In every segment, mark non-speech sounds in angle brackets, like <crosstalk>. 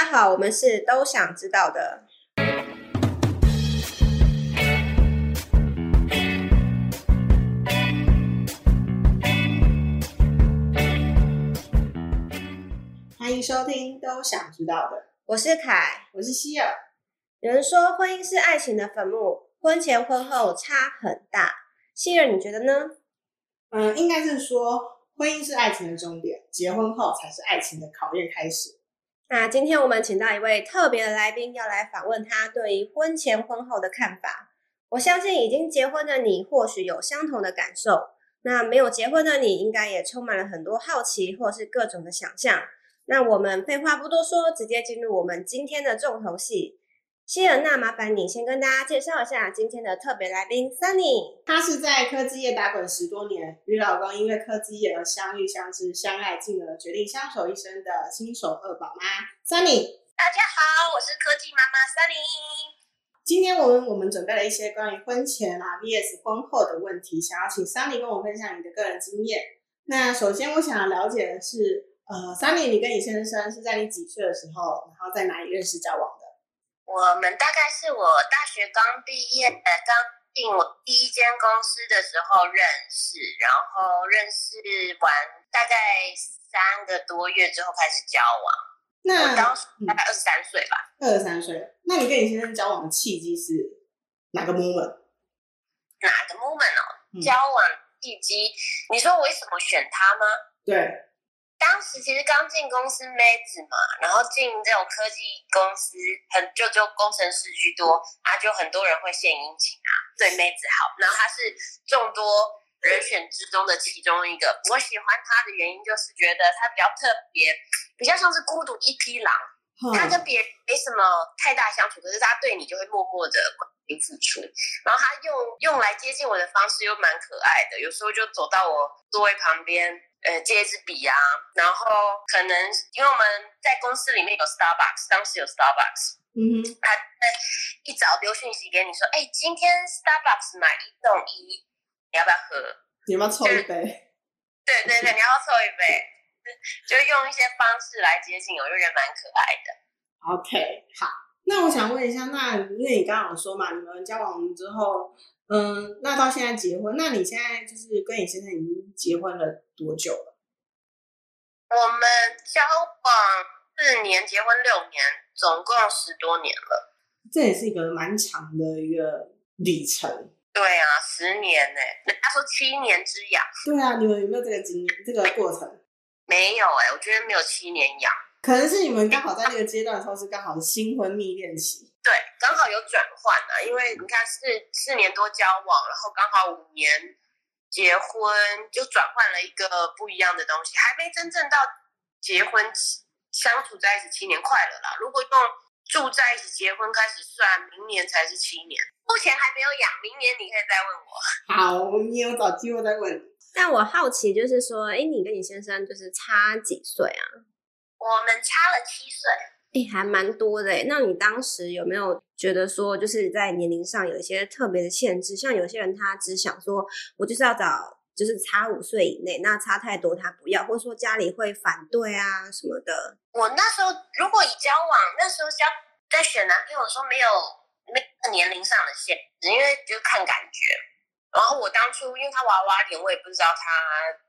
大家好，我們是都想知道的。歡迎收聽都想知道的，我是凱，我是希爾。有人說婚姻是愛情的墳墓，婚前婚後差很大。希爾，你覺得呢？嗯，應該是說婚姻是愛情的終點，結婚後才是愛情的考驗開始。那今天我們請到一位特別的來賓，要來訪問他對於婚前婚後的看法。我相信已經結婚的你或許有相同的感受，那沒有結婚的你應該也充滿了很多好奇或是各種的想象。那我們廢話不多說，直接進入我們今天的重頭戲。希爾娜，麻煩你先跟大家介紹一下今天的特別來賓 Sunny。她是在科技業打滾十多年，與老公因為科技業而相遇、相知、相愛，進而決定相守一生的新手二寶媽 Sunny。大家好，我是科技媽媽 Sunny。今天我們我們準備了一些關於婚前啊 vs 婚後的問題，想要請 Sunny 跟我分享你的個人經驗。那首先我想要了解的是，呃，Sunny，你跟你先生是在你幾歲的時候，然後在哪裡認識、交往？我們大概是我大學剛畢業、剛進我第一間公司的時候認識，然後認識完大概三個多月之後開始交往。那我當時大概二十三歲吧。二十三歲，那你跟你先生交往的契機是哪個 moment？哪個 moment 哦？交往契機，嗯，你說為什麼選他嗎？對。當時其實剛進公司妹子嘛，然後進這種科技公司，很就就工程師居多啊，就很多人會獻殷勤啊，對妹子好。然後她是眾多人選之中的其中一個，我喜歡她的原因就是覺得她比較特別，比較像是孤獨一匹狼，她跟別沒什麼太大相處，可是她對你就會默默的付出。然後她用用來接近我的方式又蠻可愛的，有時候就走到我座位旁邊。呃，借一支筆啊，然後可能因為我們在公司裡面有 Starbucks，當時有 Starbucks，嗯哼，他一早丟訊息給你說，哎，今天 Starbucks 買一送一，你要不要喝？你要不要湊一杯，就是 <laughs> 對。對對對，你要不要湊一杯， <laughs> 就用一些方式來接近，我就覺得人蠻可愛的。OK，好，那我想問一下，那因為你剛好說嘛，你們交往們之後。嗯，那到現在結婚，那你現在就是跟你先生已經結婚了多久了？我們交往四年，結婚六年，總共十多年了。這也是一個蠻長的一個里程。對啊，十年呢、欸，人家說七年之癢。對啊，你們有沒有這個經歷這個過程？沒，沒有哎、欸，我覺得沒有七年癢。可能是你們剛好在這個階段的時候是剛好新婚蜜戀期。對，剛好有轉換啊，因為你看四四年多交往，然後剛好五年結婚，就轉換了一個不一樣的東西，還沒真正到結婚相處在一起七年快樂了。如果用住在一起結婚開始算，明年才是七年。目前還沒有養，明年你可以再問我。好，我們有找機會再問。但我好奇就是說，哎，你跟你先生就是差幾歲啊？我們差了七歲。哎、欸，還蠻多的。那你當時有沒有覺得說，就是在年齡上有一些特別的限制？像有些人他只想說，我就是要找，就是差五歲以內，那差太多他不要，或者說家裡會反對啊什麼的。我那時候如果以交往，那時候交在選男朋友的時候沒有那個年齡上的限制，因為就看感覺。然後我當初因為他娃娃臉，我也不知道他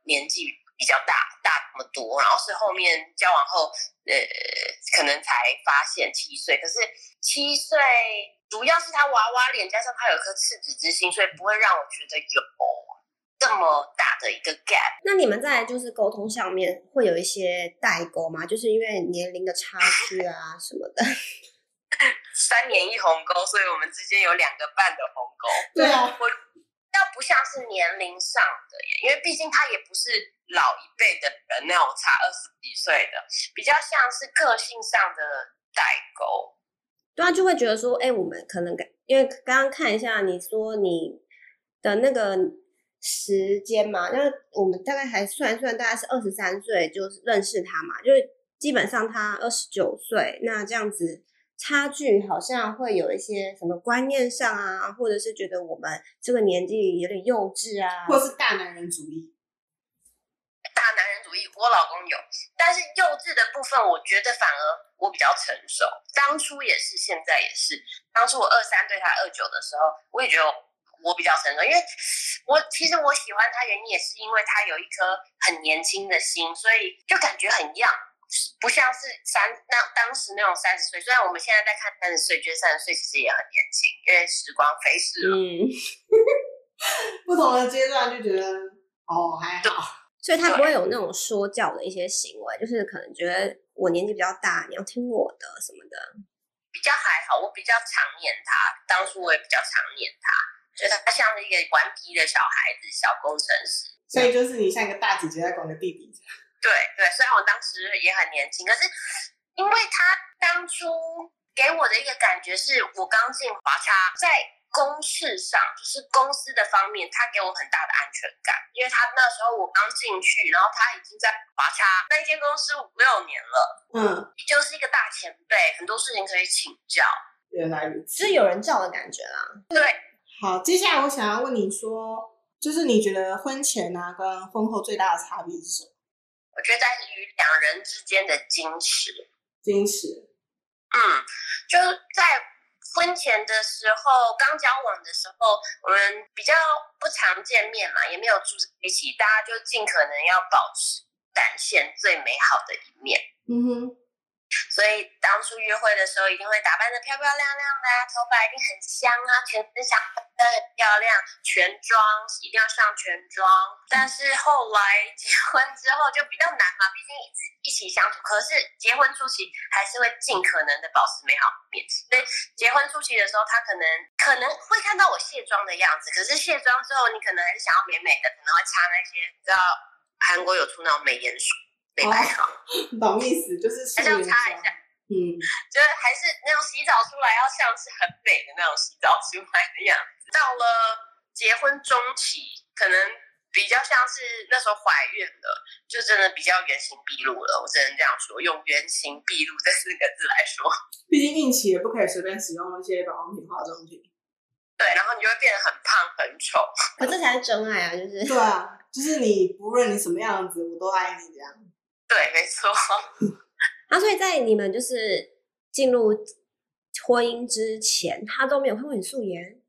年紀比較大，大那麼多，然後是後面交往後，呃，可能才發現七歲。可是七歲主要是他娃娃臉，加上他有一顆赤子之心，所以不會讓我覺得有這麼大的一個 gap。那你們在就是溝通上面會有一些代溝嗎？就是因為年齡的差距啊什麼的。 <laughs> 三年一鴻溝，所以我們之間有兩個半的鴻溝。對啊。他不像是年齡上的耶，因為畢竟他也不是老一輩的人那種差二十幾歲的，比較像是個性上的代溝。對啊，就會覺得說，哎、欸，我們可能因為剛剛看一下你說你的那個時間嘛，那我們大概還算一算，大概是二十三歲就是認識他嘛，就是基本上他二十九歲，那這樣子。差距好像會有一些什麼觀念上啊，或者是覺得我們這個年紀有點幼稚啊，或者是大男人主義。大男人主義，我老公有，但是幼稚的部分，我覺得反而我比較成熟。當初也是，現在也是。當初我二三對他二九的時候，我也覺得我比較成熟，因為我其實我喜歡他原因也是因為他有一顆很年輕的心，所以就感覺很 young。不像是三那當時那種三十歲，雖然我們現在在看三十歲，覺得三十歲其實也很年輕，因為時光飛逝了。嗯，呵呵不同的階段就覺得、嗯、哦還好，所以他不會有那種說教的一些行為，就是可能覺得我年紀比較大，你要聽我的什麼的，比較還好。我比較常念他，當初我也比較常念他，覺得他像一個頑皮的小孩子，小工程師。所以就是你像一個大姐姐在管個弟弟。對對，雖然我當時也很年輕，可是因為他當初給我的一個感覺是，我剛進華差，在公事上就是公司的方面，他給我很大的安全感，因為他那時候我剛進去，然後他已經在華差那間公司五六年了，嗯，就是一個大前輩，很多事情可以請教。原來如此，就是有人教的感覺啦、啊。對，好，接下來我想要問你說，就是你覺得婚前啊跟婚後最大的差別是什麼？我覺得在於兩人之間的矜持，矜持，嗯，就在婚前的時候，剛交往的時候，我們比較不常見面嘛，也沒有住在一起，大家就盡可能要保持展現最美好的一面。嗯哼。所以當初約會的時候，一定會打扮得漂漂亮亮的啊，頭髮一定很香啊，全身香很漂亮，全妝一定要上全妝。但是後來結婚之後就比較難嘛，畢竟一起一起相處。可是結婚初期還是會盡可能的保持美好面子。對，結婚初期的時候，他可能可能會看到我卸妝的樣子，可是卸妝之後，你可能還是想要美美的，可能會擦那些。你知道，韓國有出那種美顏霜。不好、哦、懂意思，就是還要擦一下，嗯，就是還是那種洗澡出來要像是很美的那種洗澡出來的樣子。到了結婚中期，可能比較像是那時候懷孕了，就真的比較原形畢露了。我只能這樣說，用“原形畢露”這四個字來說。畢竟孕期也不可以隨便使用那些保養品、化妝品。對，然後你就會變得很胖、很醜。可這才是真愛啊！就是 <laughs> 對啊，就是你不論你什麼樣子，我都愛你這樣。對，沒錯。他、 <laughs> 啊、所以在你們就是進入婚姻之前，他都沒有看過你素顏？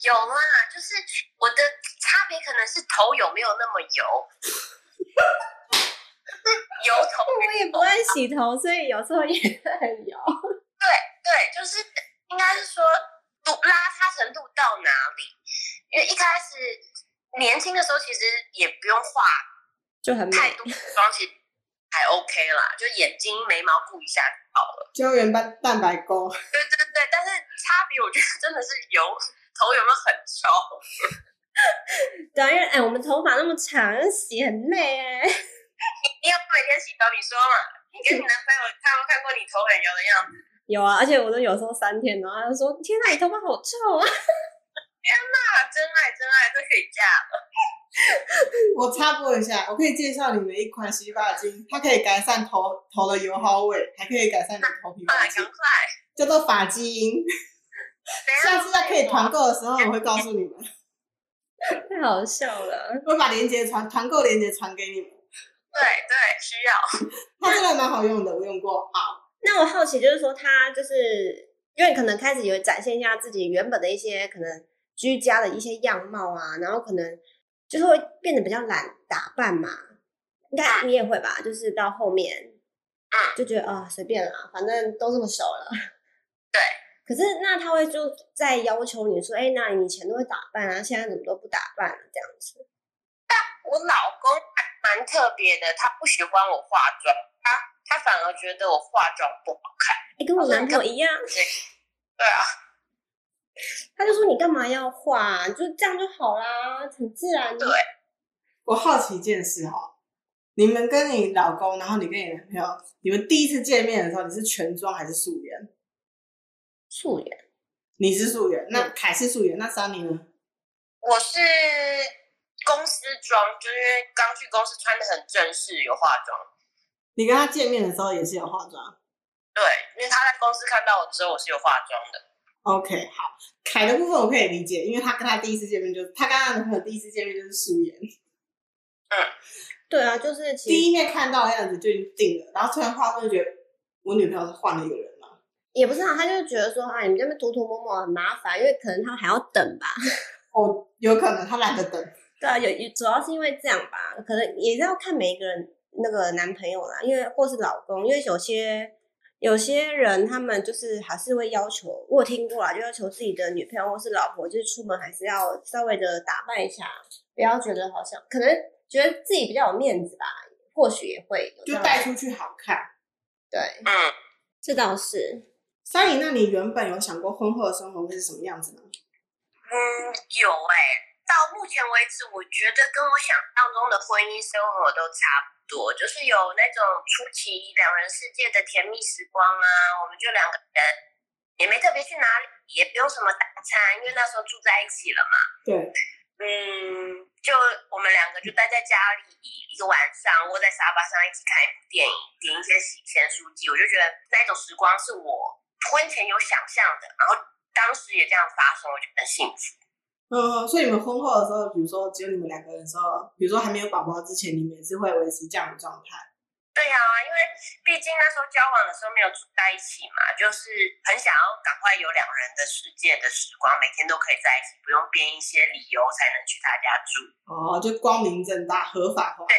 有啊，就是我的差別可能是頭有沒有那麼油。 <laughs> <laughs> <laughs> 油頭有有， <laughs> 我也不會洗頭，所以有時候也很油。 <laughs> 對對，就是應該是說，邋遢程度到哪裡？因為一開始年輕的時候，其實也不用化。就很多妝其起還 OK 了，就眼睛眉毛補一下就好了。膠原蛋白膏。對對對，但是差別我覺得真的是油，頭有沒有很臭。 <laughs> <laughs> <laughs> 因為哎、欸，我們頭髮那麼長，洗很累哎、欸。 <laughs> 你要不每天洗頭？你說嘛？你跟你男朋友看沒 <laughs> 看過你頭很油的樣子？有啊，而且我都有時候三天，然後他說：“天啊，你頭髮好臭、啊。 <laughs> ”啊天哪，真愛真愛都可以嫁了！我插播一下，我可以介紹你們一款洗髮精，它可以改善頭頭的油耗味，還可以改善你的頭皮發癢，叫做髮基因。下次在可以團購的時候，我會告訴你們。太 <laughs> 好笑了！我會把鏈接傳，團購鏈接傳給你們。對對，需要。它真的蠻好用的，我用過。好、oh.，那我好奇就是說，它就是因為可能開始有展現一下自己原本的一些可能。居家的一些樣貌啊，然後可能就是會變得比較懶打扮嘛，應該你也會吧？啊、就是到後面，啊、就覺得啊、哦、隨便了、啊，反正都這麼熟了。對，可是那他會就在要求你說，哎，那你以前都會打扮啊，現在怎麼都不打扮了、啊、這樣子？但、啊、我老公還蠻特別的，他不喜歡我化妝，他他反而覺得我化妝不好看。你、欸、跟我男朋友一樣。對啊。他就說：“你幹嘛要化、啊？就這樣就好啦，很自然的。對”我好奇一件事哈、哦，你們跟你老公，然後你跟你男朋友，你們第一次見面的時候，你是全妝還是素顏？素顏，你是素顏，那凱是素顏，嗯、那 Sunny 呢？我是公司妝就是、因為剛去公司穿得很正式，有化妝。你跟他見面的時候也是有化妝？對，因為他在公司看到我之後，我是有化妝的。OK，好，凱的部分我可以理解，因為他跟他第一次見面就是，他跟他男朋友第一次見面就是素顏、啊，對啊，就是第一面看到的樣子就已經定了，然後突然話說就覺得我女朋友是換了一個人了，也不是啊，他就覺得說啊、哎，你這邊塗塗抹抹很麻煩，因為可能他還要等吧，哦，有可能他懶得等， <laughs> 對啊，有，主要是因為這樣吧，可能也是要看每一個人那個男朋友啦，因為或是老公，因為有些。有些人他們就是還是會要求，我聽過啦，就要求自己的女朋友或是老婆，就是出門還是要稍微的打扮一下，不要覺得好像可能覺得自己比較有面子吧，或許也會就帶出去好看。對，嗯，這倒是。Sunny，那你原本有想過婚後的生活會是什麼樣子嗎？嗯，有哎。到目前為止，我覺得跟我想象中的婚姻生活都差不多，就是有那種初期兩人世界的甜蜜時光啊。我們就兩個人，也沒特別去哪裡，也不用什麼大餐，因為那時候住在一起了嘛。對，嗯，就我們兩個就待在家裡一個晚上，窩在沙發上一起看一部電影，點一些洗錢書籍，我就覺得那種時光是我婚前有想象的，然後當時也這樣發生，我覺得很幸福。嗯，所以你們婚後的時候，比如說只有你們兩個人的時候，比如說還沒有寶寶之前，你們也是會維持這樣的狀態。對呀、啊，因為畢竟那時候交往的時候沒有住在一起嘛，就是很想要趕快有兩人的世界的時光，每天都可以在一起，不用編一些理由才能去他家住。哦，就光明正大合法婚。對。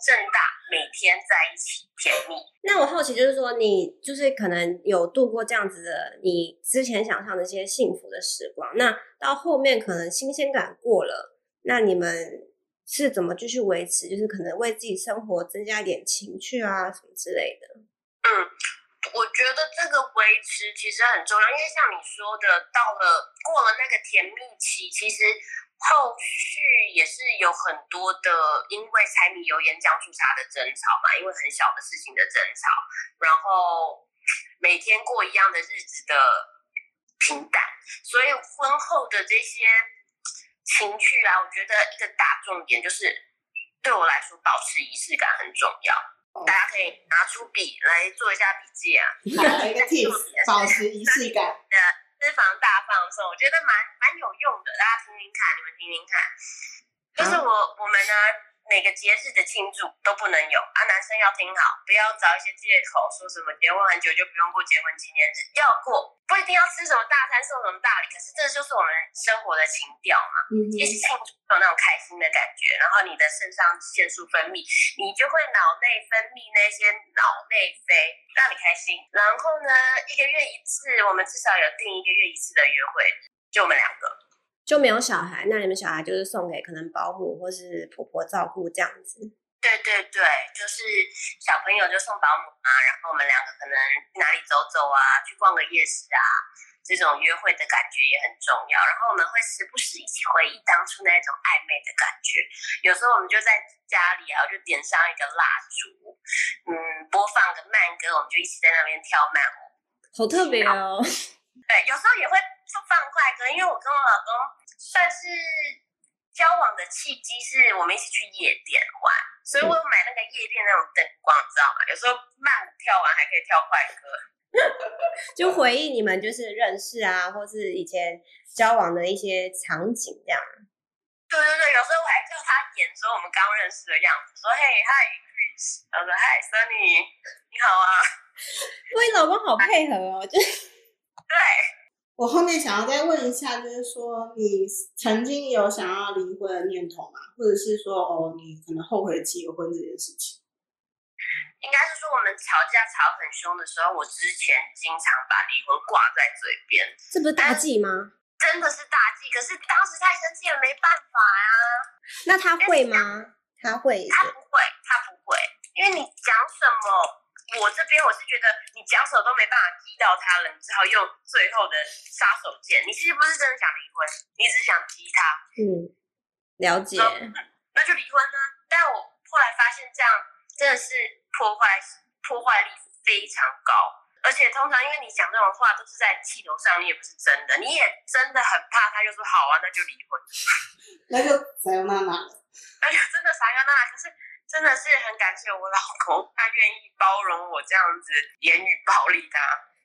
正大每天在一起甜蜜。那我好奇就是說，你就是可能有度過這樣子的，你之前想象的一些幸福的時光。那到後面可能新鮮感過了，那你們是怎麼繼續維持？就是可能為自己生活增加一點情趣啊什麼之類的。嗯，我覺得這個維持其實很重要，因為像你說的，到了過了那個甜蜜期，其實。後續也是有很多的，因為柴米油鹽醬醋茶的爭吵嘛，因為很小的事情的爭吵，然後每天過一樣的日子的平淡，所以婚後的這些情趣啊，我覺得一個大重點就是，對我來說保持儀式感很重要。Oh. 大家可以拿出筆來做一下筆記啊， <laughs> 一個保持儀式感。嗯私房大放送，我覺得蠻蠻有用的，大家聽聽看，你們聽聽看，就是我、啊、我們呢、啊。每個節日的慶祝都不能有啊！男生要聽好，不要找一些借口說什麼結婚很久就不用過結婚紀念日，要過不一定要吃什麼大餐、送什麼大禮，可是這就是我們生活的情調嘛，嗯。一起慶祝有那種開心的感覺，然後你的腎上腺素分泌，你就會腦內分泌那些腦內啡，讓你開心。然後呢，一個月一次，我們至少有定一個月一次的約會，就我們兩個。就沒有小孩，那你們小孩就是送給可能保姆或是婆婆照顧這樣子。對對對，就是小朋友就送保姆啊，然後我們兩個可能去哪裡走走啊，去逛個夜市啊，這種約會的感覺也很重要。然後我們會時不時一起回憶當初那種曖昧的感覺。有時候我們就在家裡啊，就點上一個蠟燭，嗯，播放個慢歌，我們就一起在那邊跳慢舞，好特別哦。對，有時候也會。就放快歌，因為我跟我老公算是交往的契機是，我們一起去夜店玩，所以我有買那個夜店那種燈光，照、嗯、知道嗎？有時候慢舞跳完還可以跳快歌， <laughs> 就回憶你們就是認識啊，或是以前交往的一些場景這樣。對對對，有時候我還叫他演說我們剛認識的樣子，說嘿嗨，hey, hi, 我說嗨，Sunny 你好啊。因為老公好配合哦，就 <laughs> 對。我後面想要再問一下，就是說你曾經有想要離婚的念頭嗎？或者是說，哦，你可能後悔結婚這件事情？應該是說我們吵架吵很凶的時候，我之前經常把離婚掛在嘴邊。這不是大忌嗎？真的是大忌。可是當時太生氣了，沒辦法啊。那他會嗎？他會？他不會，他不會，因為你講什麼？我這邊我是覺得你腳手都沒辦法擊到他了，你只好用最後的殺手鐧。你其實不是真的想離婚，你只是想擊他。嗯，了解。So, 那就離婚呢？但我後來發現這樣真的是破壞破壞力非常高，而且通常因為你講這種話都是在氣頭上，你也不是真的，你也真的很怕他。他就說好啊，那就離婚了。那就莎喲娜啦。哎呀，真的莎喲娜啦，可是。真的是很感謝我老公，他願意包容我這樣子言語暴力他。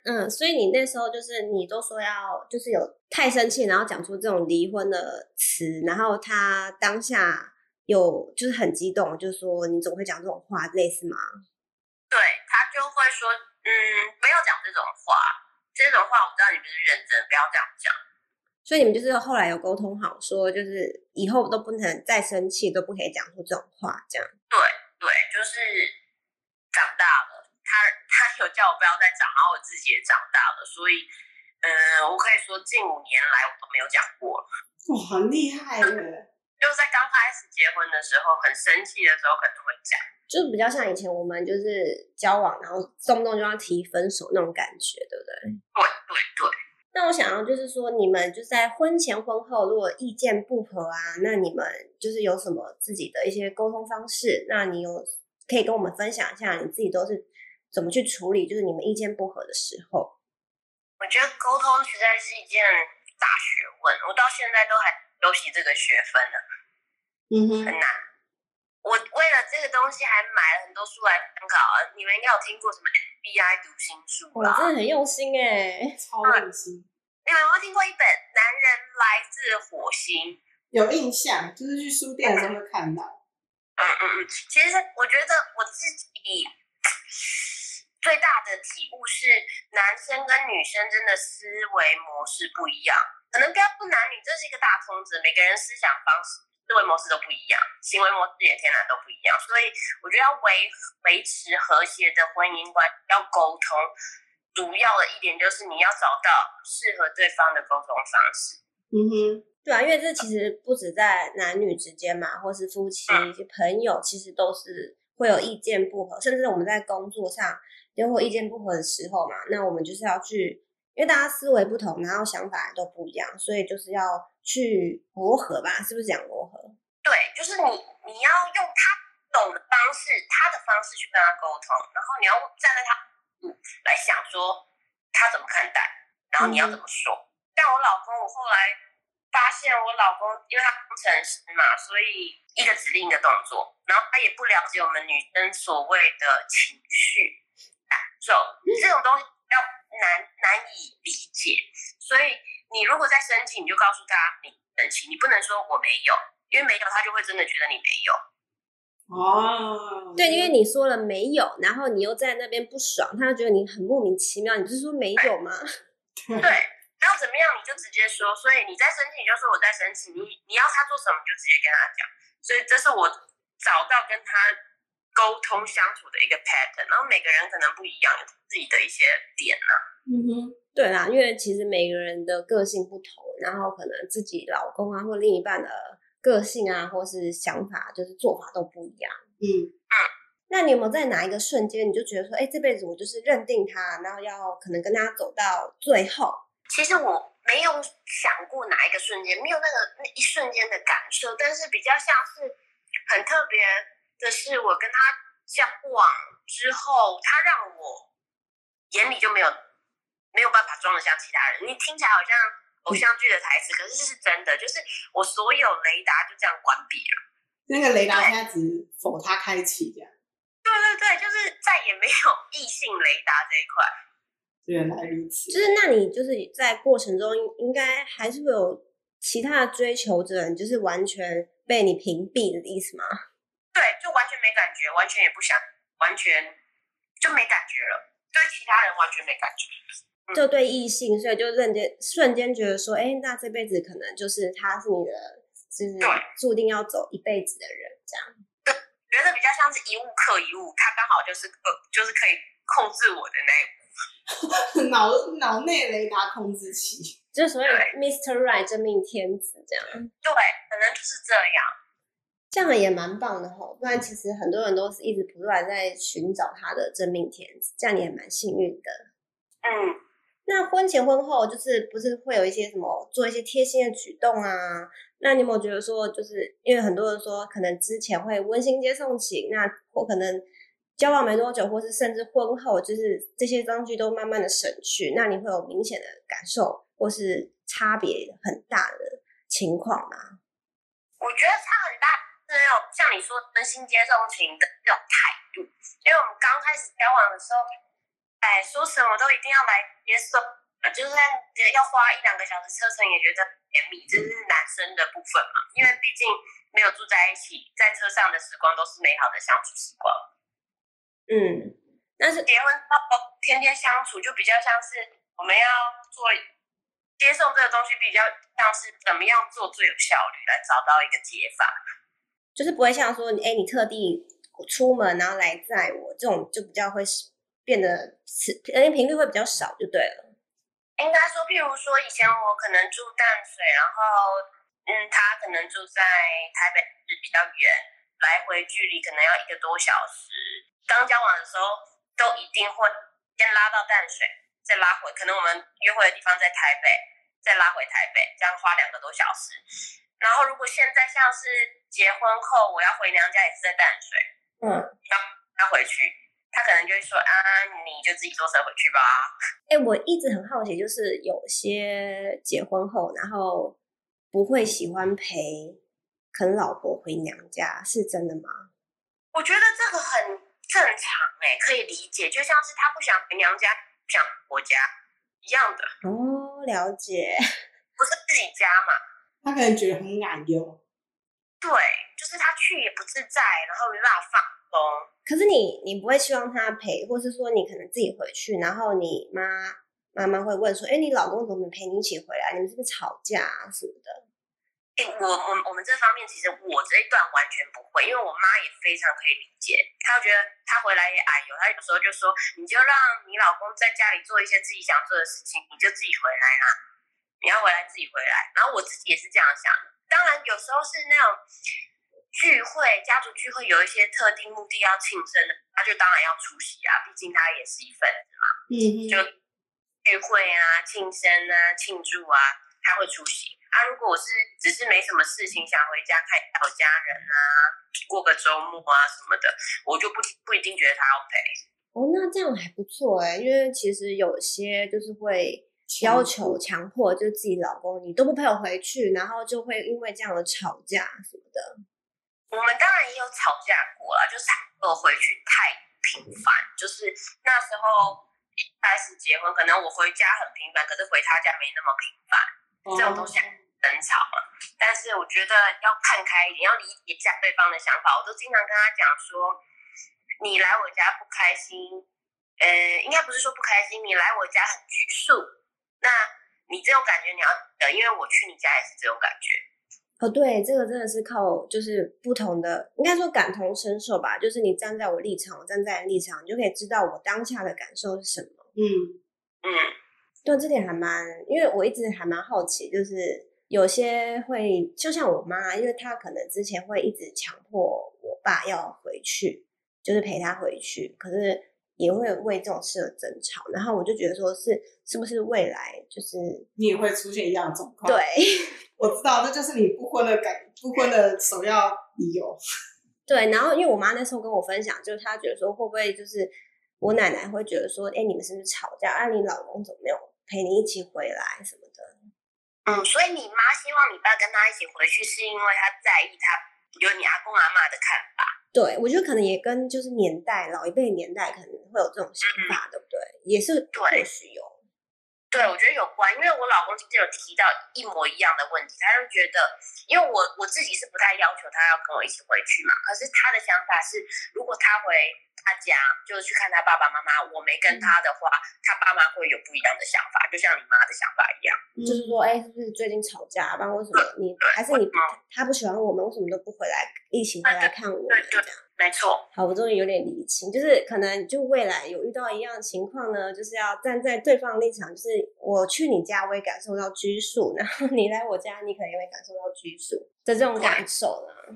嗯，所以你那時候就是你都說要就是有太生氣，然後講出這種離婚的詞，然後他當下有就是很激動，就說你總會講這種話，類似嗎？對，他就會說，嗯，不要講這種話，這種話我知道你不是認真，不要這樣講。所以你們就是後來有溝通好，說就是以後都不能再生氣，都不可以講出這種話，這樣。對對，就是長大了，他他有叫我不要再講，然後我自己也長大了，所以嗯、呃，我可以說近五年來我都沒有講過。哇，很、哦、厲害的、就是！就在剛開始結婚的時候，很生氣的時候可能會講，就是比較像以前我們就是交往，然後動不動就要提分手那種感覺，對不對？對對對。對那我想要就是說，你們就在婚前婚後，如果意見不合啊，那你們就是有什麼自己的一些溝通方式？那你有可以跟我們分享一下，你自己都是怎麼去處理？就是你們意見不合的時候，我覺得溝通實在是一件大學問，我到現在都還修習這個學分呢。嗯哼，很難。Mm -hmm. 我為了這個東西還買了很多書來參考。你們應該有聽過什麼？bi 讀心術了，真的很用心哎、欸嗯，超用心。你有沒有聽過一本《男人來自火星》？有印象，就是去書店的時候就看到。嗯嗯嗯，嗯，其實我覺得我自己最大的體悟是，男生跟女生真的思維模式不一樣，可能不要不男女，這是一個大通則，每個人思想方式。思維模式都不一樣，行為模式也天然都不一樣，所以我覺得要維維持和諧的婚姻觀，要溝通，主要的一點就是你要找到適合對方的溝通方式。嗯哼，對啊，因為這其實不止在男女之間嘛、嗯，或是夫妻、嗯、朋友，其實都是會有意見不合，甚至我們在工作上就會意見不合的時候嘛。那我們就是要去，因為大家思維不同，然後想法也都不一樣，所以就是要。去磨合吧，是不是講磨合？對，就是你，你要用他懂的方式，他的方式去跟他溝通，然後你要站在他，嗯，來想說他怎麼看待，然後你要怎麼說。嗯、但我老公，我後來發現，我老公因為他工程師嘛，所以一個指令一個動作，然後他也不了解我們女生所謂的情緒感受，啊、so, 這種東西要難難以理解，所以。你如果在生氣，你就告訴他你生氣，你不能說我沒有，因為沒有他就會真的覺得你沒有。哦、oh，對，因為你說了沒有，然後你又在那邊不爽，他就覺得你很莫名其妙。你不是說沒有嗎？哎、對，那要怎麼樣你就直接說。所以你在生氣，你就說我在生氣。你你要他做什麼，你就直接跟他講。所以這是我找到跟他，溝通相處的一個 pattern，然後每個人可能不一樣，有自己的一些點呢、啊。嗯哼，對啦，因為其實每個人的個性不同，然後可能自己老公啊，或另一半的個性啊，或是想法，就是做法都不一樣。嗯，嗯，那你有沒有在哪一個瞬間，你就覺得說，哎、欸，這輩子我就是認定他，然後要可能跟他走到最後？其實我沒有想過哪一個瞬間，沒有那個那一瞬間的感受，但是比較像是很特別。可是我跟他交往之後，他讓我眼裡就沒有沒有辦法裝得像其他人。你聽起來好像偶像劇的台詞。嗯，可是這是真的。就是我所有雷達就這樣關閉了，那個雷達現在只否他開啟這樣。對對對，就是再也沒有異性雷達這一塊。原來如此。就是那你就是在過程中應該還是會有其他的追求者，就是完全被你屏蔽的意思嗎？沒感覺，完全也不想，完全就沒感覺了，對其他人完全沒感覺，就對異性，所以就瞬間瞬間覺得說，哎、欸，那這輩子可能就是他是你的，就是註定要走一輩子的人，這樣。對對，覺得比較像是一物克一物，他剛好就是、呃、就是可以控制我的那物，腦腦內雷達控制器，就是所謂 Mr. Right 真命天子這樣，對，可能就是這樣。這樣也蠻棒的吼，不然其實很多人都是一直不斷在尋找他的真命天子，這樣你也蠻幸運的。嗯，那婚前婚後就是不是會有一些什麼做一些貼心的舉動啊？那你有沒有覺得說，就是因為很多人說可能之前會溫馨接送情，那或可能交往沒多久，或是甚至婚後就是這些裝具都慢慢的省去，那你會有明顯的感受，或是差別很大的情況嗎？我覺得差很大。有像你說，真心接送情的這種態度，因為我們剛開始交往的時候，哎，說什麼都一定要來接送，就算要花一兩個小時車程也覺得甜蜜，這是男生的部分嘛。因為畢竟沒有住在一起，在車上的時光都是美好的相處時光。嗯，但是結婚、哦，天天相處，就比較像是我們要做接送這個東西，比較像是怎麼樣做最有效率來找到一個解法。就是不會像說，哎，你特地出門然後來載我這種，就比較會變得，頻頻率會比較少，就對了。應該說，譬如說以前我可能住淡水，然後嗯，他可能住在台北比較遠，來回距離可能要一個多小時。剛交往的時候，都一定會先拉到淡水，再拉回，可能我們約會的地方在台北，再拉回台北，這樣花兩個多小時。然後，如果現在像是結婚後，我要回娘家也是在淡水，嗯，要要回去，他可能就會說啊，你就自己坐車回去吧。哎、欸，我一直很好奇，就是有些結婚後，然後不會喜歡陪跟老婆回娘家，是真的嗎？我覺得這個很正常、欸，哎，可以理解，就像是他不想回娘家，不想回家一樣的。哦，了解，不是自己家嘛。他可能覺得很懶游，對，就是他去也不自在，然後沒辦法放鬆。可是你，你不會希望他陪，或是說你可能自己回去，然後你媽媽媽會問說：“哎，你老公怎麼不陪你一起回來？你們是不是吵架啊什麼的？”我、我們、我們這方面，其實我這一段完全不會，因為我媽也非常可以理解，她就覺得她回來也哎呦，她有時候就說：“你就讓你老公在家裡做一些自己想做的事情，你就自己回來啦、啊。”你要回來自己回來，然後我自己也是這樣想。當然，有時候是那種聚會、家族聚會，有一些特定目的要慶生的，他就當然要出席啊，畢竟他也是一份子嘛。嗯，就聚會啊、慶生啊、慶祝啊，他會出席啊。如果我是只是沒什麼事情，想回家看一下家人啊，過個周末啊什麼的，我就不不一定覺得他要陪。哦，那這樣還不錯哎，欸，因為其實有些就是會。要求強迫就是、自己老公，你都不陪我回去，然後就會因為這樣的吵架什麼的。我們當然也有吵架過了，就是我回去太頻繁、嗯，就是那時候一開始結婚，可能我回家很頻繁，可是回他家沒那麼頻繁，這種東西很吵嘛。但是我覺得要看開一點，要理解一下對方的想法。我都經常跟他講說，你來我家不開心，呃，應該不是說不開心，你來我家很拘束。那你這種感覺，你要，等，呃，因為我去你家也是這種感覺。哦，對，這個真的是靠，就是不同的，應該說感同身受吧。就是你站在我立場，我站在我立場，你就可以知道我當下的感受是什麼。嗯嗯，對，這點還蠻，因為我一直還蠻好奇，就是有些會，就像我媽，因為她可能之前會一直強迫我爸要回去，就是陪她回去，可是。也會為這種事而爭吵，然後我就覺得說是是不是未來就是你也會出現一樣的狀況？對， <laughs> 我知道，那就是你不婚的感不婚的首要理由。 <laughs> 對，然後因為我媽那時候跟我分享，就她覺得說會不會就是我奶奶會覺得說，哎、欸，你們是不是吵架？啊你老公怎麼沒有陪你一起回來什麼的？嗯，所以你媽希望你爸跟她一起回去，是因為他在意他有你阿公阿嬤的看法。對，我覺得可能也跟就是年代，老一輩年代可能會有這種想法，嗯、對不對？也是或許有。對，我覺得有關，因為我老公今天有提到一模一樣的問題，他就覺得，因為我我自己是不太要求他要跟我一起回去嘛，可是他的想法是，如果他回他家，就去看他爸爸媽媽，我沒跟他的話，他爸媽會有不一樣的想法，就像你媽的想法一樣，嗯、就是說，哎、欸，是不是最近吵架，不然為什麼、嗯、你還是你媽？他不喜歡我們，為什麼都不回來一起回來看我們？對、嗯、對。對對沒錯，好，我終於有點理清，就是可能就未來有遇到一樣的情況呢，就是要站在對方立場，就是我去你家我也感受到拘束，然後你來我家你可能也會感受到拘束的這種感受了。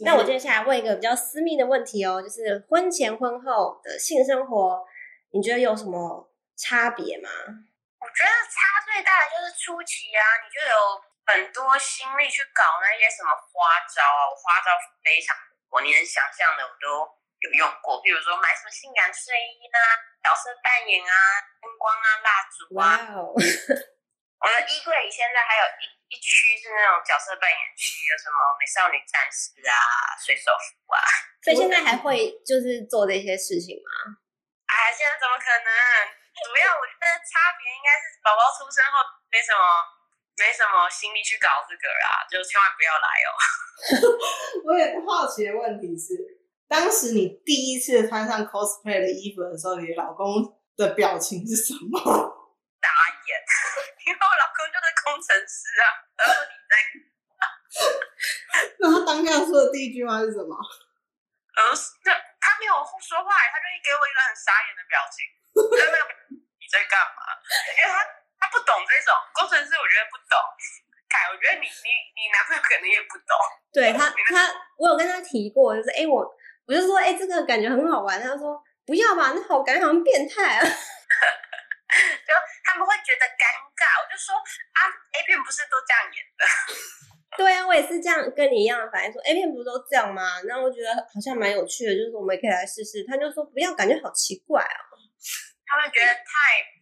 那我接下來問一個比較私密的問題哦，就是婚前婚後的性生活，你覺得有什麼差別嗎？我覺得差最大的就是初期啊，你就有很多心力去搞那些什麼花招啊，花招非常。我連想象的，我都有用過。比如說買什麼性感睡衣呢，啊，角色扮演啊，燈光，啊，蠟燭啊。哇哦！我的衣櫃裡現在還有一一區是那種角色扮演區，有什麼美少女戰士啊、水手服啊。所以現在還會就是做這些事情嗎？哎、啊，現在怎麼可能？主要我覺得差別應該是寶寶出生後沒什麼。沒什麼心力去搞這個啦，就千萬不要來哦。 <laughs> 我也好奇的問題是，當時你第一次穿上 cosplay 的衣服的時候，你老公的表情是什麼？傻眼，因為我老公就是工程師啊，然後你在，然後他當下說的第一句話是什麼？呃，他他沒有說話，他就給我一個很傻眼的表情，就 <laughs> 那個你在幹嘛？因為他。他不懂這種，工程師我覺得不懂。改，我覺得你你你男朋友可能也不懂。對他他，我有跟他提過，就是哎、欸、我，我就說哎、欸、這個感覺很好玩，他說不要吧，那好感覺好像變態啊。 <laughs> 就他們會覺得尷尬，我就說啊 A 片不是都這樣演的？對啊，我也是這樣跟你一樣反應說，說 A 片不是都這樣嗎？那我覺得好像蠻有趣的，就是我們也可以來試試。他就說不要，感覺好奇怪啊。他們覺得太。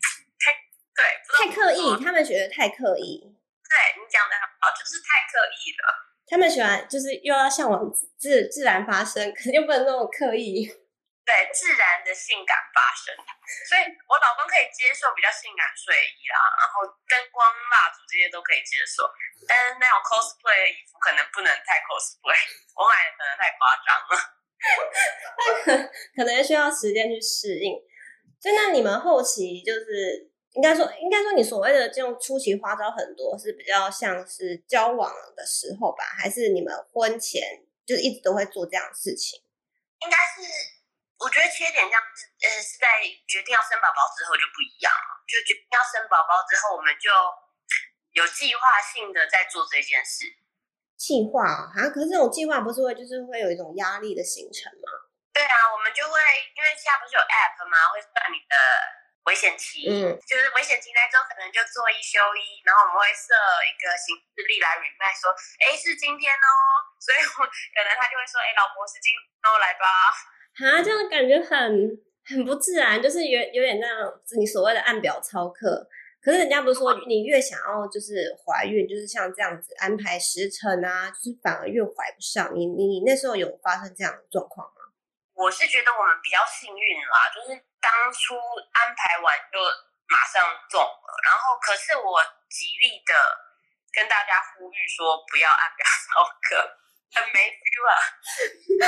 對，太刻意，他們覺得太刻意。對，你講的很好，就是太刻意了。他們喜歡就是又要向往自自然發生，可是又不能那麼刻意。對，自然的性感發生。所以，我老公可以接受比較性感睡衣啦、啊，然後燈光、蠟燭這些都可以接受。但那種 cosplay 的衣服可能不能太 cosplay，我買的可能太誇張了，他 <laughs> 可可能需要時間去適應。就那你們後期就是。應該說，應該說，你所謂的這種出奇花招很多，是比較像是交往的時候吧，還是你們婚前就一直都會做這樣的事情？應該是，我覺得缺點這樣，呃，是在決定要生寶寶之後就不一樣了。就決定要生寶寶之後，我們就有計劃性的在做這件事。計劃啊？啊可是這種計劃不是會就是會有一種壓力的形成嗎？對啊，我們就會因為現在不是有 app 嗎？會算你的。危險期，嗯，就是危險期當中可能就做一休一，然後我們會設一個行事曆來預賣，說，哎、欸，是今天哦、喔，所以可能他就會說，哎、欸，老婆是今天喔，來吧。啊，這樣感覺很很不自然，就是有有點那種你所謂的按表操課。可是人家不是說，你越想要就是懷孕，就是像這樣子安排時辰啊，就是反而越懷不上。你你那時候有發生這樣的狀況嗎？我是覺得我們比較幸運啦、啊，就是。當初安排完就馬上中了，然後可是我極力的跟大家呼籲說不要按表操課，很沒 feel 啊，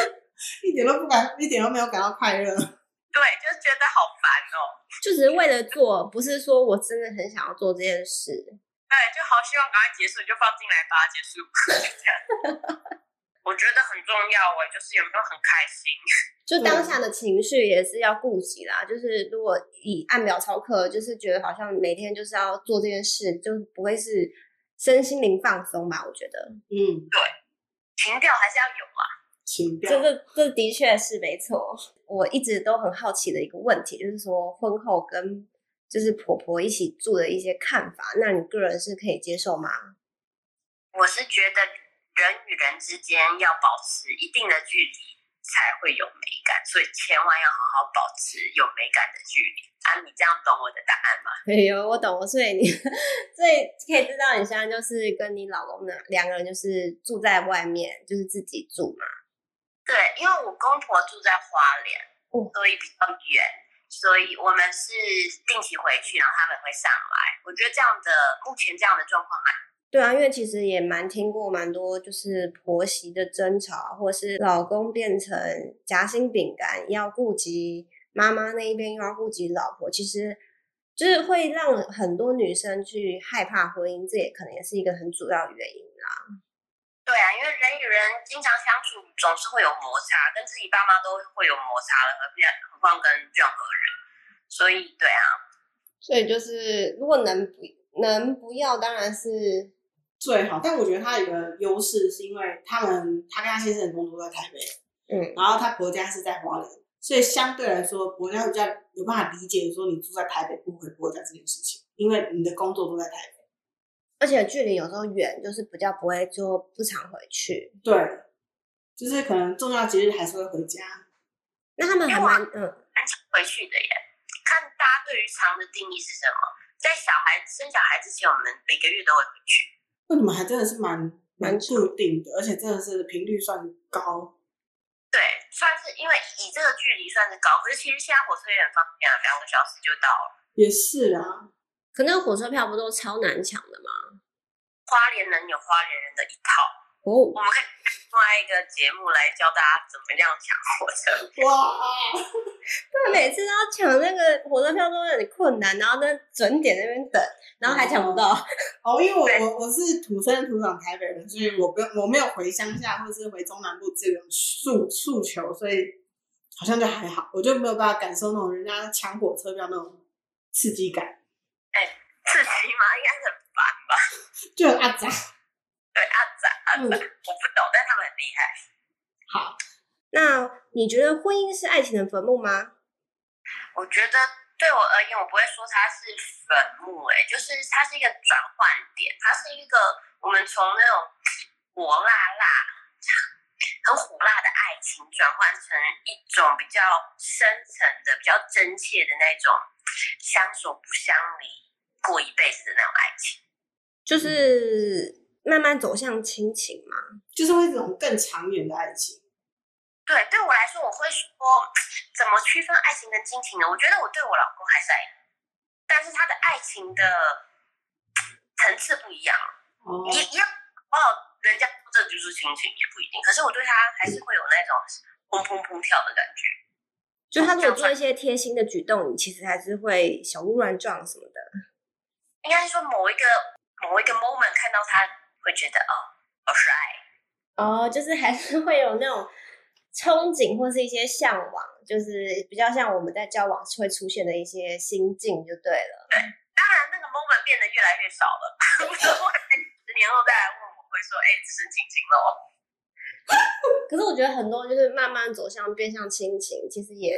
<laughs> 一點都不敢，一點都沒有感到快樂。對，就是覺得好煩哦，就只是為了做， <laughs> 不是說我真的很想要做這件事。對，就好希望趕快結束，就放進來吧，結束， <laughs> 就這樣。 <laughs> 我覺得很重要，我就是有沒有很開心？就當下的情緒也是要顧及啦。就是如果以按表操課，就是覺得好像每天就是要做這件事，就不會是身心靈放鬆吧？我覺得，嗯，對，情調還是要有啊。情調，這、就、這、是就是、的確是沒錯。我一直都很好奇的一個問題，就是說婚後跟就是婆婆一起住的一些看法，那你個人是可以接受嗎？我是覺得。人與人之間要保持一定的距離，才會有美感，所以千萬要好好保持有美感的距離。啊，你這樣懂我的答案嗎？沒有，我懂。所以你呵呵，所以可以知道你現在就是跟你老公呢，兩個人就是住在外面，就是自己住嘛。對，因為我公婆住在花蓮，所以比較遠，哦，所以我們是定期回去，然後他們會上來。我覺得這樣的目前這樣的狀況還。對啊，因為其實也蠻聽過蠻多，就是婆媳的爭吵，或是老公變成夾心餅乾，要顧及媽媽那一邊，又要顧及老婆，其實就是會讓很多女生去害怕婚姻，這也可能也是一個很主要的原因啦啊。對啊，因為人與人經常相處，總是會有摩擦，跟自己爸媽都會有摩擦了，何必何況跟任何人？所以對啊，所以就是如果能不能不要，當然是。最好，但我覺得他有個優勢，是因為他們他跟他先生的工作在台北，嗯，然後他婆家是在花蓮，所以相對來說婆家比較有辦法理解說你住在台北不回婆家這件事情，因為你的工作都在台北，而且距離有時候遠，就是比較不會就不常回去，對，就是可能重要節日還是會回家，那他們還蠻嗯蠻常回去的耶、嗯，看大家對於常的定義是什麼，在小孩生小孩之前，我們每個月都會回去。那你們還真的是蠻蠻固定的，而且真的是頻率算高，對，算是因為以這個距離算是高，可是其實現在火車也很方便啊，兩個小時就到了。也是啊，可那個火車票不都超難搶的嗎？花蓮人有花蓮人的一套。哦、oh.，我們可以另外一個節目來教大家怎麼樣搶火車票。哇、wow. <laughs> 對，每次要搶那個火車票都有點困難，然後在準點在那邊等，然後還搶不到。哦、oh. oh,，因為我我我是土生土長台北人，所以我不我沒有回鄉下或是回中南部這種訴訴求，所以好像就還好，我就沒有辦法感受那種人家搶火車票那種刺激感。哎、欸，刺激嗎？應該很煩吧？就很阿雜。 <laughs> 對阿、啊。嗯、我不懂，但他們很厲害。好，那你覺得婚姻是愛情的墳墓嗎？我覺得對我而言，我不會說它是墳墓、欸，哎，就是它是一個轉換點，它是一個我們從那種火辣辣、很火辣的愛情，轉換成一種比較深層的、比較真切的那種相守不相離、過一輩子的那種愛情，就是。嗯慢慢走向親情嘛，就是那種更長遠的愛情。對，對我來說，我會說怎麼區分愛情跟親情呢？我覺得我對我老公還是愛，但是他的愛情的層次不一樣，嗯、也也哦，人家這個、就是親情也不一定。可是我對他還是會有那種砰砰砰跳的感覺。就他如果做一些貼心的舉動，你其實還是會小鹿亂撞什麼的。嗯、應該是說某一個某一個 moment 看到他。會覺得哦好帥哦，哦，就是還是會有那種憧憬，或是一些向往，就是比較像我們在交往會出現的一些心境，就對了對。當然那個 moment 變得越來越少了。 <laughs> 我十年後再來問我，我會說，哎、欸，只剩親情了。 <laughs> 可是我覺得很多就是慢慢走向變相親情，其實也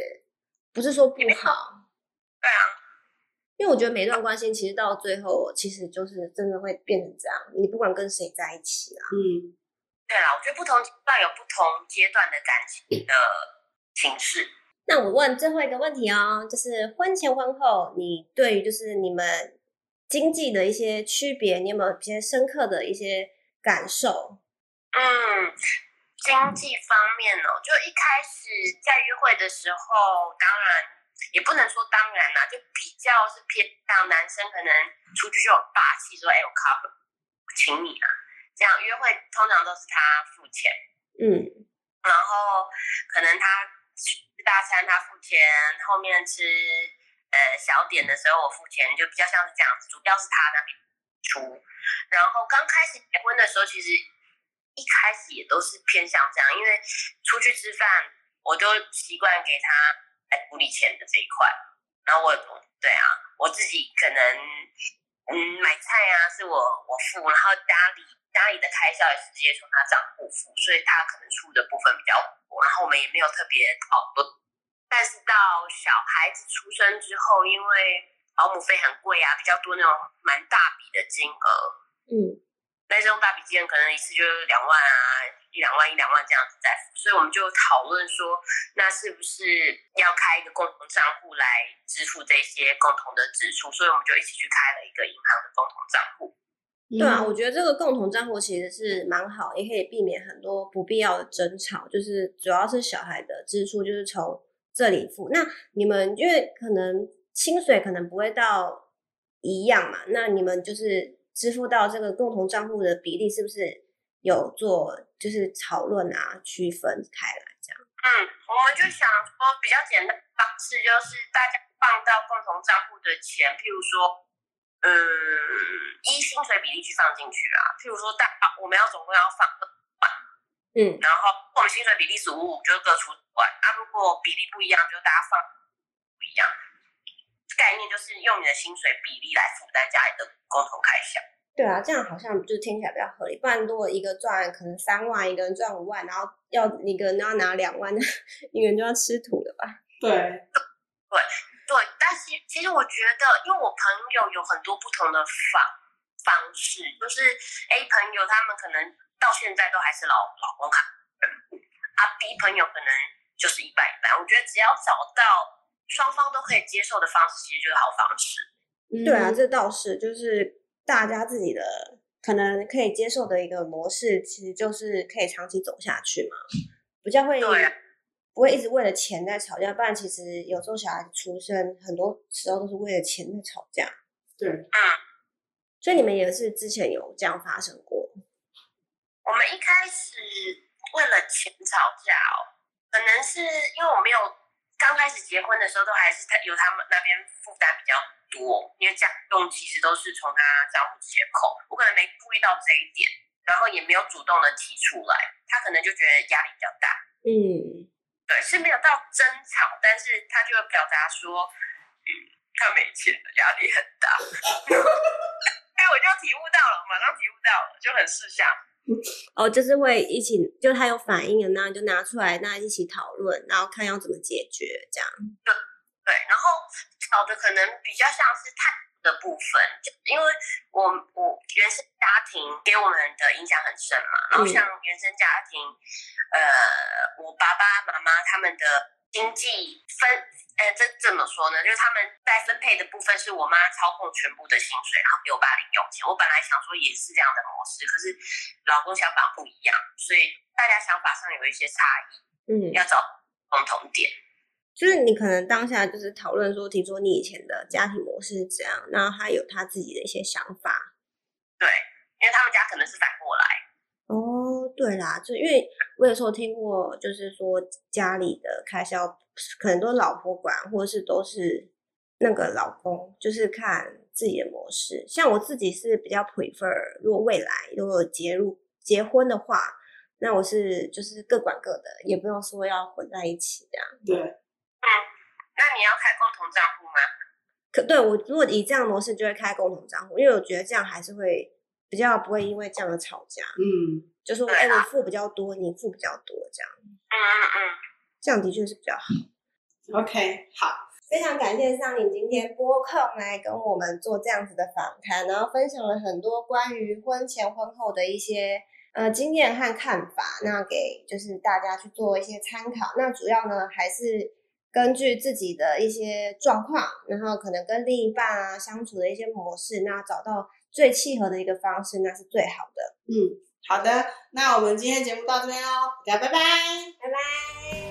不是說不好。好，對啊。因為我覺得每一段關係其實到最後，其實就是真的會變成這樣。你不管跟誰在一起啊，嗯，對啦，我覺得不同段有不同階段的感情的形式。那我問最後一個問題哦，就是婚前婚後，你對於就是你們經濟的一些區別，你有沒有一些深刻的一些感受？嗯，經濟方面哦，就一開始在約會的時候，當然。也不能說當然啦，就比較是偏向男生，可能出去就有霸氣說，說、欸、哎我靠，我請你啊，這樣約會通常都是他付錢，嗯，然後可能他去吃大餐他付錢，後面吃呃小點的時候我付錢，就比較像是這樣，主要是他那邊出。然後剛開始結婚的時候，其實一開始也都是偏向這樣，因為出去吃飯我都習慣給他。在管理錢的這一塊，然後我，對啊，我自己可能，嗯，買菜啊是我我付，然後家裡家裡的開銷也是直接從他帳戶付，所以他可能出的部分比較多，然後我們也沒有特別哦多，但是到小孩子出生之後，因為保姆費很貴啊，比較多那種蠻大筆的金額，嗯，那用大筆金額可能一次就兩萬啊。一兩萬，一兩萬這樣子在付，所以我們就討論說，那是不是要開一個共同賬戶來支付這些共同的支出？所以我們就一起去開了一個銀行的共同賬戶。嗯，對啊，我覺得這個共同賬戶其實是蠻好，也可以避免很多不必要的爭吵。就是主要是小孩的支出就是從這裡付。那你們因為可能薪水可能不會到一樣嘛，那你們就是支付到這個共同賬戶的比例是不是？有做就是討論啊，區分開來這樣。嗯，我們就想說比較簡單的方式，就是大家放到共同賬戶的錢，譬如說，嗯，依薪水比例去放進去啊。譬如說，大、啊、我們要總共要放個五萬、啊，嗯，然後我們薪水比例是五五，就各處出五萬。啊，如果比例不一樣，就大家放不一樣。概念就是用你的薪水比例來負擔家裡的共同開銷。對啊，這樣好像就聽起來比較合理，不然如果一個賺可能三萬，一個人賺五萬，然後要一個人都要拿兩萬，那一個人就要吃土了吧？對，對對，對。但是其實我覺得，因為我朋友有很多不同的方方式，就是 A 朋友他們可能到現在都還是老老公卡，啊 B 朋友可能就是一半一半。我覺得只要找到雙方都可以接受的方式，其實就是好方式。對啊，這倒是就是。大家自己的可能可以接受的一個模式，其實就是可以長期走下去嘛，比較會不會一直為了錢在吵架？不然其實有時候小孩子出生很多時候都是為了錢在吵架。對。嗯。所以你們也是之前有這樣發生過？我們一開始為了錢吵架哦，可能是因為我沒有剛開始結婚的時候都還是他有他們那邊負擔比較重。多，因為這樣動其實都是從他賬戶解扣，我可能沒注意到這一點，然後也沒有主動的提出來，他可能就覺得壓力比較大。嗯，對，是沒有到爭吵，但是他就會表達說，嗯，他沒錢，壓力很大。哎、 <laughs> <laughs> 欸，我就體悟到了，我馬上體悟到了，就很試想，哦，就是會一起，就他有反應了，然後就拿出來，那一起討論，然後看要怎麼解決這樣。嗯對，然後吵的可能比較像是態度的部分，就因為我我原生家庭給我們的影響很深嘛，嗯，然後像原生家庭，呃，我爸爸媽媽他們的經濟分，呃，這怎麼說呢？就是他們在分配的部分，是我媽操控全部的薪水，然後給我爸零用錢。我本來想說也是這樣的模式，可是老公想法不一樣，所以大家想法上有一些差異，嗯，要找共同點。就是你可能當下就是討論說，提出你以前的家庭模式是怎樣，那他有他自己的一些想法，對，因為他們家可能是反過來。哦，對啦，就因為我有時候聽過，就是說家裡的開銷可能都是老婆管，或者是都是那個老公，就是看自己的模式。像我自己是比較 prefer，如果未來如果結入結婚的話，那我是就是各管各的，也不用說要混在一起這樣。對、嗯。嗯，那你要開共同賬戶嗎？可對我如果以這樣的模式，就會開共同賬戶，因為我覺得這樣還是會比較不會因為這樣的吵架。嗯，就是我付比較多、啊，你付比較多這樣。嗯嗯嗯，這樣的確是比較好。OK，好，非常感謝 Sunny 今天撥空來跟我們做這樣子的訪談，然後分享了很多關於婚前婚後的一些呃經驗和看法，那給就是大家去做一些參考。那主要呢還是。根據自己的一些狀況，然後可能跟另一半啊相處的一些模式，那找到最契合的一個方式，那是最好的。嗯，好的，那我們今天節目到這邊嘍，大家拜拜，拜拜。